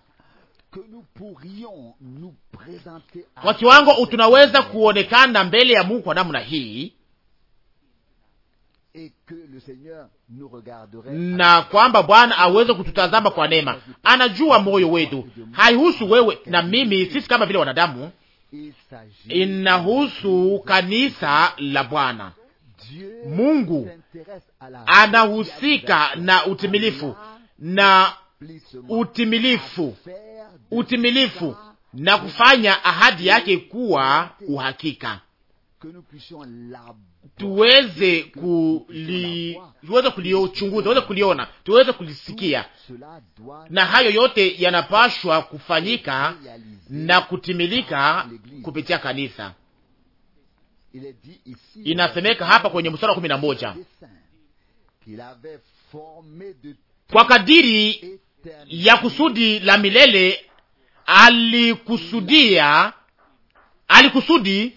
kwa kiwango tunaweza kuonekana mbele ya Mungu kwa namna hii, na kwamba Bwana aweze kututazama kwa neema. Anajua moyo wetu, haihusu wewe na mimi, sisi kama vile wanadamu inahusu kanisa la Bwana. Mungu anahusika na utimilifu na utimilifu utimilifu na kufanya ahadi yake kuwa uhakika tuweze kuli tuweze kuliochunguza, tuweze kuliona, tuweze kulisikia, na hayo yote yanapashwa kufanyika na kutimilika kupitia kanisa. Inasemeka hapa kwenye mstari wa kumi na moja kwa kadiri ya kusudi la milele alikusudia, alikusudi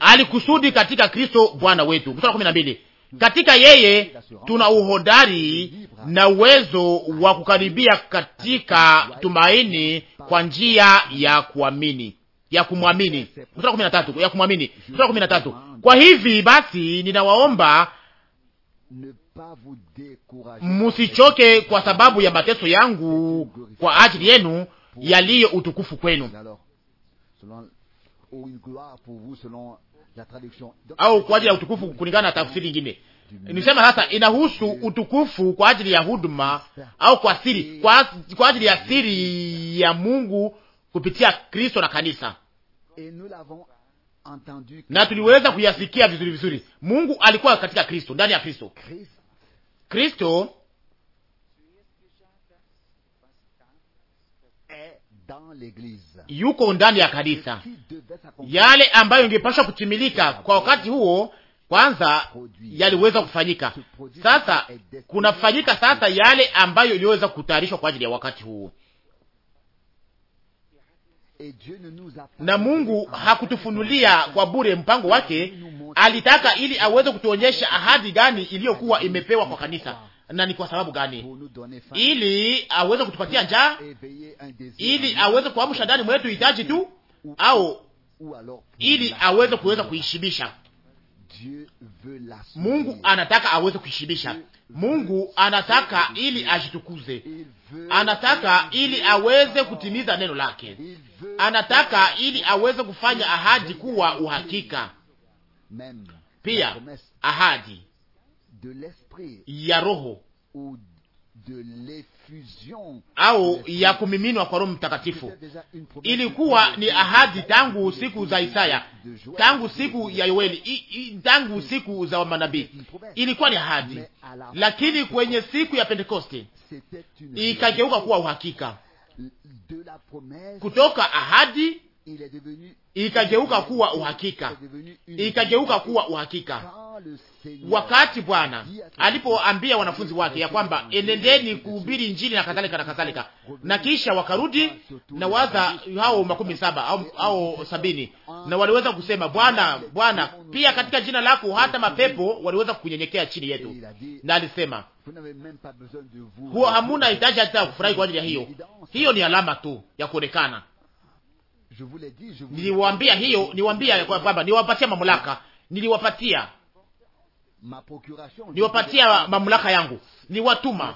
alikusudi katika Kristo Bwana wetu. Mstari kumi na mbili, katika yeye tuna uhodari na uwezo wa kukaribia katika tumaini kwa njia ya kuamini ya kumwamini. Mstari kumi na tatu, ya kumwamini. Mstari kumi na tatu, kwa hivi basi ninawaomba musichoke kwa sababu ya mateso yangu kwa ajili yenu yaliyo utukufu kwenu au kwa ajili ya utukufu kulingana na tafsiri ingine. Nisema sasa inahusu utukufu kwa ajili ya huduma au kwa siri, kwa, kwa ajili ya siri ya Mungu kupitia Kristo na kanisa, na tuliweza kuyasikia vizuri vizuri. Mungu alikuwa katika Kristo, ndani ya Kristo. Kristo yuko ndani ya kanisa. Yale ambayo ingepashwa kutimilika kwa wakati huo kwanza yaliweza kufanyika, sasa kunafanyika sasa yale ambayo iliweza kutayarishwa kwa ajili ya wakati huo. Na Mungu hakutufunulia kwa bure mpango wake, alitaka ili aweze kutuonyesha ahadi gani iliyokuwa imepewa kwa kanisa, na ni kwa sababu gani? Ili aweze kutupatia njaa, ili aweze kuamsha ndani mwetu hitaji tu, au ili aweze kuweza kuishibisha. Mungu anataka aweze kuishibisha. Mungu anataka ili ajitukuze, anataka ili aweze kutimiza neno lake, anataka ili aweze kufanya ahadi kuwa uhakika, pia ahadi ya roho au ya kumiminwa kwa Roho Mtakatifu ilikuwa ni ahadi tangu siku za Isaya, tangu siku ya Yoeli, tangu siku za manabii, ilikuwa ni ahadi, lakini kwenye siku ya Pentekoste ikageuka kuwa uhakika. Kutoka ahadi ikageuka kuwa uhakika, ikageuka kuwa uhakika wakati Bwana alipoambia wanafunzi wake ya kwamba enendeni kuhubiri Injili na kadhalika na kadhalika, na kisha wakarudi na waza hao makumi saba au, sabini, na waliweza kusema Bwana, Bwana, pia katika jina lako hata mapepo waliweza kukunyenyekea chini yetu. Na alisema huwa hamuna hitaji hata ya kufurahi kwa ajili ya hiyo. Hiyo ni alama tu ya kuonekana. Niliwaambia hiyo, niwaambia kwamba niwapatia mamlaka, niliwapatia niwapatia mamlaka yangu, niwatuma,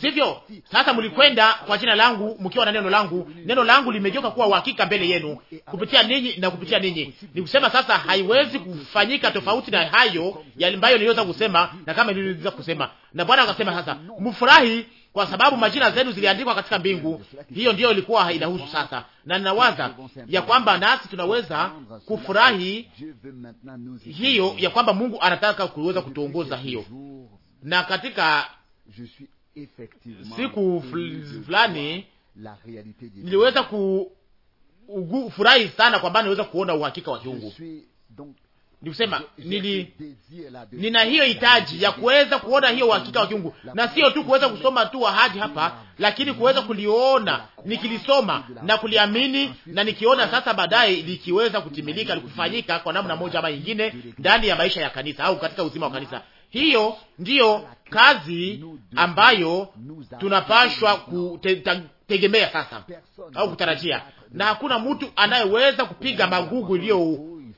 sivyo? Sasa mlikwenda kwa jina langu mkiwa na neno langu, neno langu limegeuka kuwa uhakika mbele yenu kupitia ninyi na kupitia ninyi. Ni kusema sasa haiwezi kufanyika tofauti na hayo ambayo niliweza kusema na kama niliweza kusema, na Bwana akasema sasa mfurahi kwa sababu majina zenu ziliandikwa katika mbingu. Hiyo ndiyo ilikuwa inahusu sasa, na ninawaza ya kwamba nasi tunaweza kufurahi hiyo ya kwamba Mungu anataka kuweza kutuongoza hiyo, na katika siku fulani niliweza kufurahi sana kwamba niweza kuona uhakika wa kiungu ni kusema nili, nina hiyo hitaji ya kuweza kuona hiyo uhakika wa kiungu, na sio tu kuweza kusoma tu ahadi hapa, lakini kuweza kuliona nikilisoma na kuliamini na nikiona sasa baadaye likiweza kutimilika likufanyika kwa namna moja ama nyingine ndani ya maisha ya kanisa au katika uzima wa kanisa. Hiyo ndiyo kazi ambayo tunapashwa kutegemea sasa au kutarajia, na hakuna mtu anayeweza kupiga magugu iliyo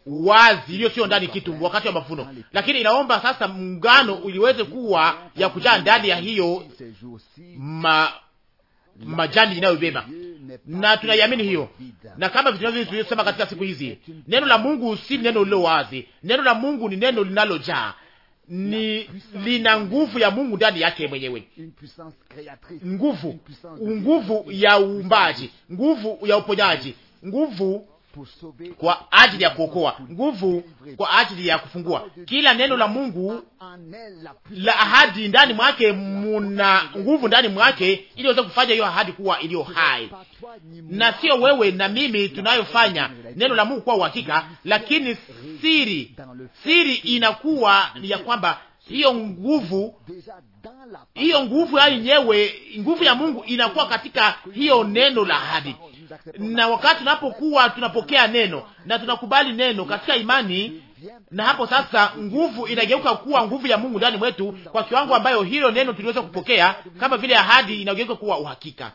wazi iliyo sio ndani kitu wakati wa mavuno, lakini inaomba sasa mngano uliweze kuwa ya kujaa ndani ya hiyo ma, majani inayobeba, na tunaiamini hiyo. Na kama vitu tunavyosema katika siku hizi, neno la Mungu si neno lilo wazi. Neno la Mungu ni neno linalojaa ni lina nguvu ya Mungu ndani yake mwenyewe, nguvu nguvu ya uumbaji, nguvu ya uponyaji, nguvu kwa ajili ya kuokoa, nguvu kwa ajili ya kufungua. Kila neno la Mungu la ahadi ndani mwake, muna nguvu ndani mwake, ili iweze kufanya hiyo ahadi kuwa iliyo hai, na sio wewe na mimi tunayofanya neno la Mungu kuwa uhakika, lakini siri, siri inakuwa ya kwamba hiyo nguvu hiyo nguvu ya yenyewe, nguvu ya Mungu inakuwa katika hiyo neno la ahadi. Na wakati tunapokuwa tunapokea neno na tunakubali neno katika imani, na hapo sasa nguvu inageuka kuwa nguvu ya Mungu ndani mwetu kwa kiwango ambayo hilo neno tuliweza kupokea, kama vile ahadi inageuka kuwa uhakika,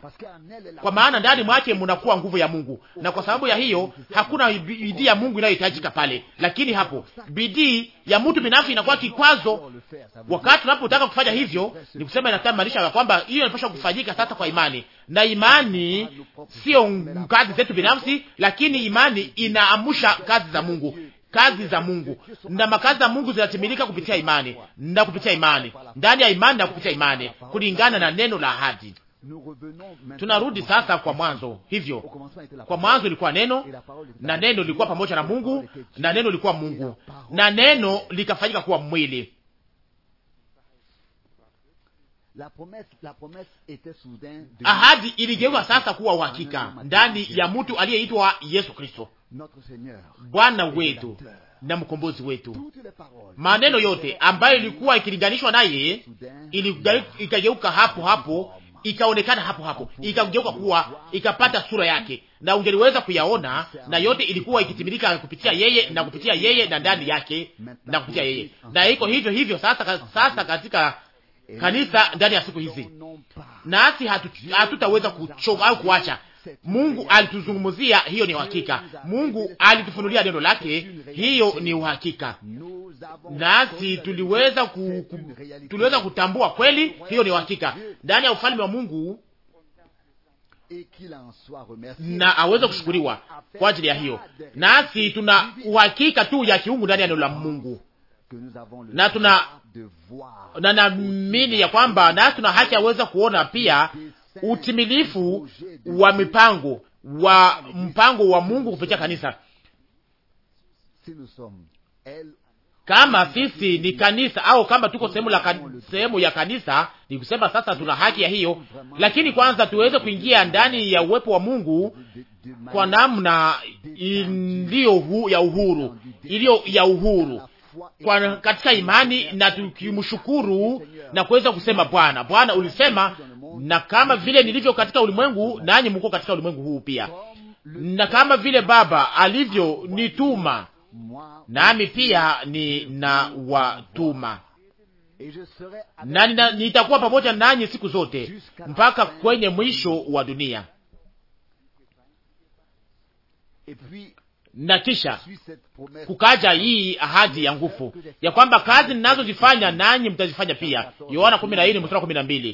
kwa maana ndani mwake mnakuwa nguvu ya Mungu. Na kwa sababu ya hiyo hakuna bidii ya Mungu inayohitajika pale, lakini hapo bidii ya mtu binafsi inakuwa kikwazo wakati unapotaka kufanya hivyo. Ni kusema inatamaanisha kwamba hiyo inapaswa kufanyika sasa kwa imani, na imani sio kazi zetu binafsi, lakini imani inaamsha kazi za Mungu kazi za Mungu, na makazi za Mungu zinatimilika kupitia imani na kupitia imani, ndani ya imani na kupitia imani, kulingana na neno la ahadi. Tunarudi sasa kwa mwanzo. Hivyo kwa mwanzo ilikuwa neno, na neno lilikuwa pamoja na Mungu, na neno lilikuwa Mungu, na neno likafanyika kuwa mwili. Ahadi iligeuka sasa kuwa uhakika ndani ya mtu aliyeitwa Yesu Kristo. Bwana wetu na mkombozi wetu. Maneno yote ambayo ilikuwa ikilinganishwa naye ikageuka hapo hapo, ikaonekana hapo hapo, ikageuka kuwa, ikapata sura yake, na ungeliweza kuyaona, na yote ilikuwa ikitimilika kupitia yeye na kupitia yeye na ndani yake na kupitia yeye, na iko hivyo hivyo sasa, sasa katika kanisa ndani ya siku hizi, nasi hatutaweza hatu kuchoka au kuacha Mungu alituzungumzia, hiyo ni uhakika. Mungu alitufunulia neno lake, hiyo ni uhakika. Nasi tuliweza ku, ku, tuliweza kutambua kweli, hiyo ni uhakika ndani ya ufalme wa Mungu na aweze kushukuriwa kwa ajili ya hiyo. Nasi tuna uhakika tu ya kiungu ndani ya neno la Mungu, na tuna na naamini ya kwamba nasi tuna haki aweza kuona pia utimilifu wa mipango wa mpango wa Mungu kupitia kanisa. Kama sisi ni kanisa au kama tuko sehemu la kan, sehemu ya kanisa, ni kusema sasa tuna haki ya hiyo, lakini kwanza tuweze kuingia ndani ya uwepo wa Mungu kwa namna iliyo hu, ya uhuru iliyo ya uhuru kwa katika imani na tukimshukuru na kuweza kusema Bwana, Bwana ulisema na kama vile nilivyo katika ulimwengu, nanyi mko katika ulimwengu huu pia, na kama vile Baba alivyo nituma nami pia ni na nina, nitakuwa pamoja nanyi siku zote mpaka kwenye mwisho wa dunia na kisha kukaja hii ahadi ya nguvu ya kwamba kazi ninazozifanya nanyi mtazifanya pia. Yohana 14 mstari 12.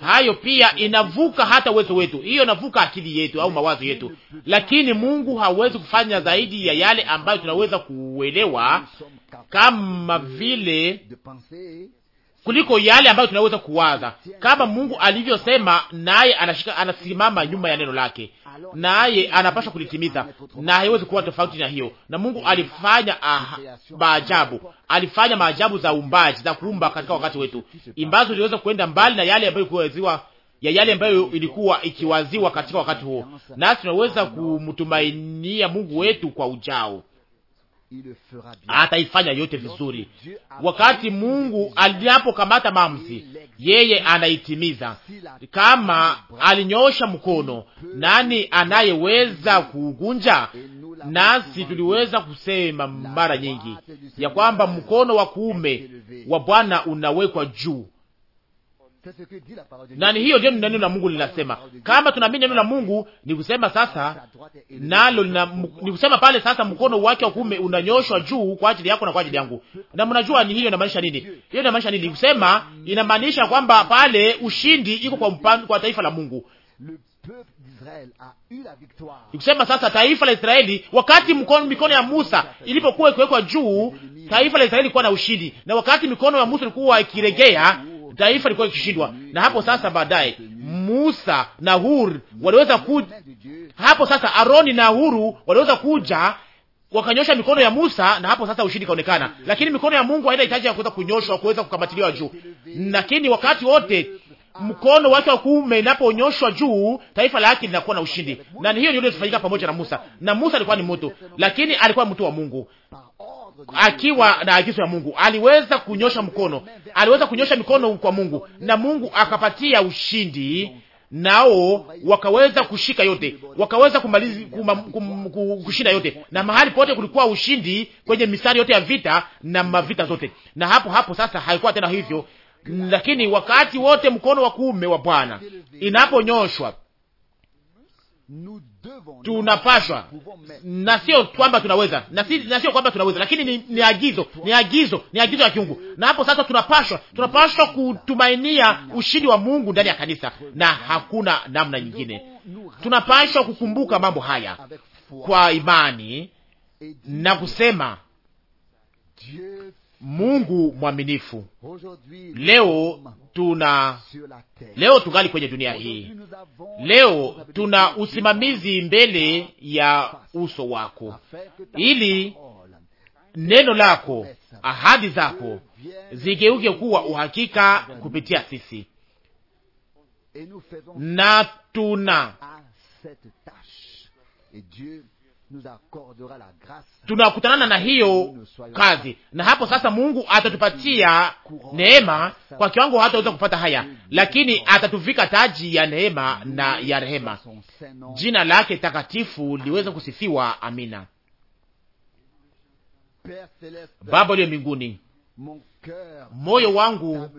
Hayo pia inavuka hata uwezo wetu, hiyo inavuka akili yetu au mawazo yetu, lakini Mungu hawezi kufanya zaidi ya yale ambayo tunaweza kuelewa, kama vile kuliko yale ambayo tunaweza kuwaza, kama Mungu alivyosema, naye anashika, anasimama nyuma ya neno lake, naye anapasha kulitimiza, na haiwezi kuwa tofauti na hiyo. Na Mungu alifanya maajabu, alifanya maajabu za umbaji, za kuumba katika wakati wetu, imbazo iliweza kuenda mbali na yale ambayo kuwaziwa ya yale ambayo ilikuwa ikiwaziwa katika wakati huo, nasi tunaweza kumtumainia Mungu wetu kwa ujao ataifanya yote vizuri. Wakati Mungu alipokamata maamuzi, yeye anaitimiza. Kama alinyosha mkono, nani anayeweza kuugunja? Nasi tuliweza kusema mara nyingi ya kwamba mkono wa kuume wa Bwana unawekwa juu na ni hiyo ndio neno la Mungu linasema. Kama tunaamini neno la Mungu ni kusema sasa, nalo ni kusema pale sasa, mkono wake wa kuume unanyoshwa juu kwa ajili yako na kwa ajili yangu. Na mnajua ni hiyo inamaanisha nini? Hiyo inamaanisha nini? Kusema inamaanisha kwamba pale ushindi iko kwa mpan, kwa taifa la Mungu ikusema sasa, taifa la Israeli wakati mkono, mikono ya Musa ilipokuwa ikiwekwa juu, taifa la Israeli ilikuwa na ushindi, na wakati mikono ya Musa ilikuwa ikiregea taifa lilikuwa likishindwa, na hapo sasa baadaye Musa na Hur waliweza ku, hapo sasa Aroni na Huru waliweza kuja wakanyosha mikono ya Musa, na hapo sasa ushindi kaonekana. Lakini mikono ya Mungu haina hitaji ya kuweza kunyoshwa, kuweza kukamatiliwa juu, lakini wakati wote mkono wake wa kuume inaponyoshwa juu, taifa lake linakuwa na ushindi, na hiyo ndio iliyofanyika pamoja na Musa. Na Musa alikuwa ni mtu, lakini alikuwa mtu wa Mungu, akiwa na agizo ya Mungu, aliweza kunyosha mkono, aliweza kunyosha mikono kwa Mungu, na Mungu akapatia ushindi, nao wakaweza kushika yote, wakaweza kumaliza kum, kushinda yote, na mahali pote kulikuwa ushindi kwenye mistari yote ya vita na mavita zote. Na hapo hapo sasa haikuwa tena hivyo, lakini wakati wote mkono wa kuume wa Bwana inaponyoshwa tunapaswa na sio kwamba tunaweza na, si, na sio kwamba tunaweza, lakini ni, ni agizo ni agizo ni agizo ya kiungu. Na hapo sasa tunapashwa tunapashwa kutumainia ushindi wa Mungu ndani ya kanisa, na hakuna namna nyingine. Tunapashwa kukumbuka mambo haya kwa imani na kusema Mungu mwaminifu. Leo tuna leo tungali kwenye dunia hii, leo tuna usimamizi mbele ya uso wako, ili neno lako, ahadi zako zigeuke kuwa uhakika kupitia sisi, na tuna tunakutanana na hiyo kazi, na hapo sasa Mungu atatupatia neema kwa kiwango hataweza kupata haya, lakini atatuvika taji ya neema na ya rehema. Jina lake takatifu liweze kusifiwa. Amina. Baba uliye mbinguni, moyo wangu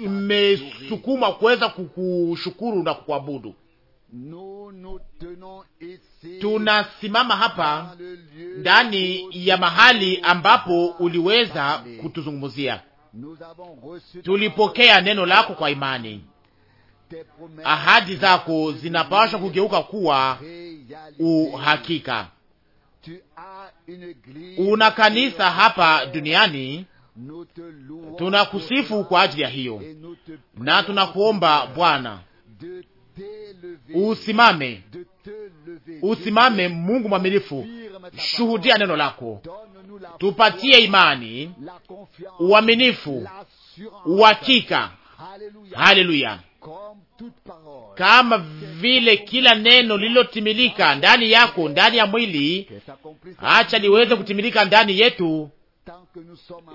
imesukumwa kuweza kukushukuru na kukuabudu tunasimama hapa ndani ya mahali ambapo uliweza kutuzungumzia. Tulipokea neno lako kwa imani. Ahadi zako zinapaswa kugeuka kuwa uhakika. Una kanisa hapa duniani, tunakusifu kwa ajili ya hiyo, na tunakuomba Bwana usimame, usimame. Mungu mwaminifu, shuhudia neno lako, tupatie imani, uaminifu, uhakika. Haleluya! Kama vile kila neno lililotimilika ndani yako, ndani ya mwili, acha liweze kutimilika ndani yetu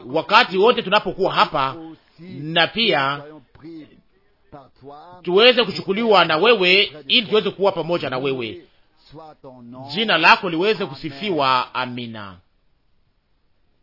wakati wote tunapokuwa hapa na pia tuweze kuchukuliwa na wewe, ili tuweze kuwa pamoja na wewe, jina lako liweze kusifiwa. Amina.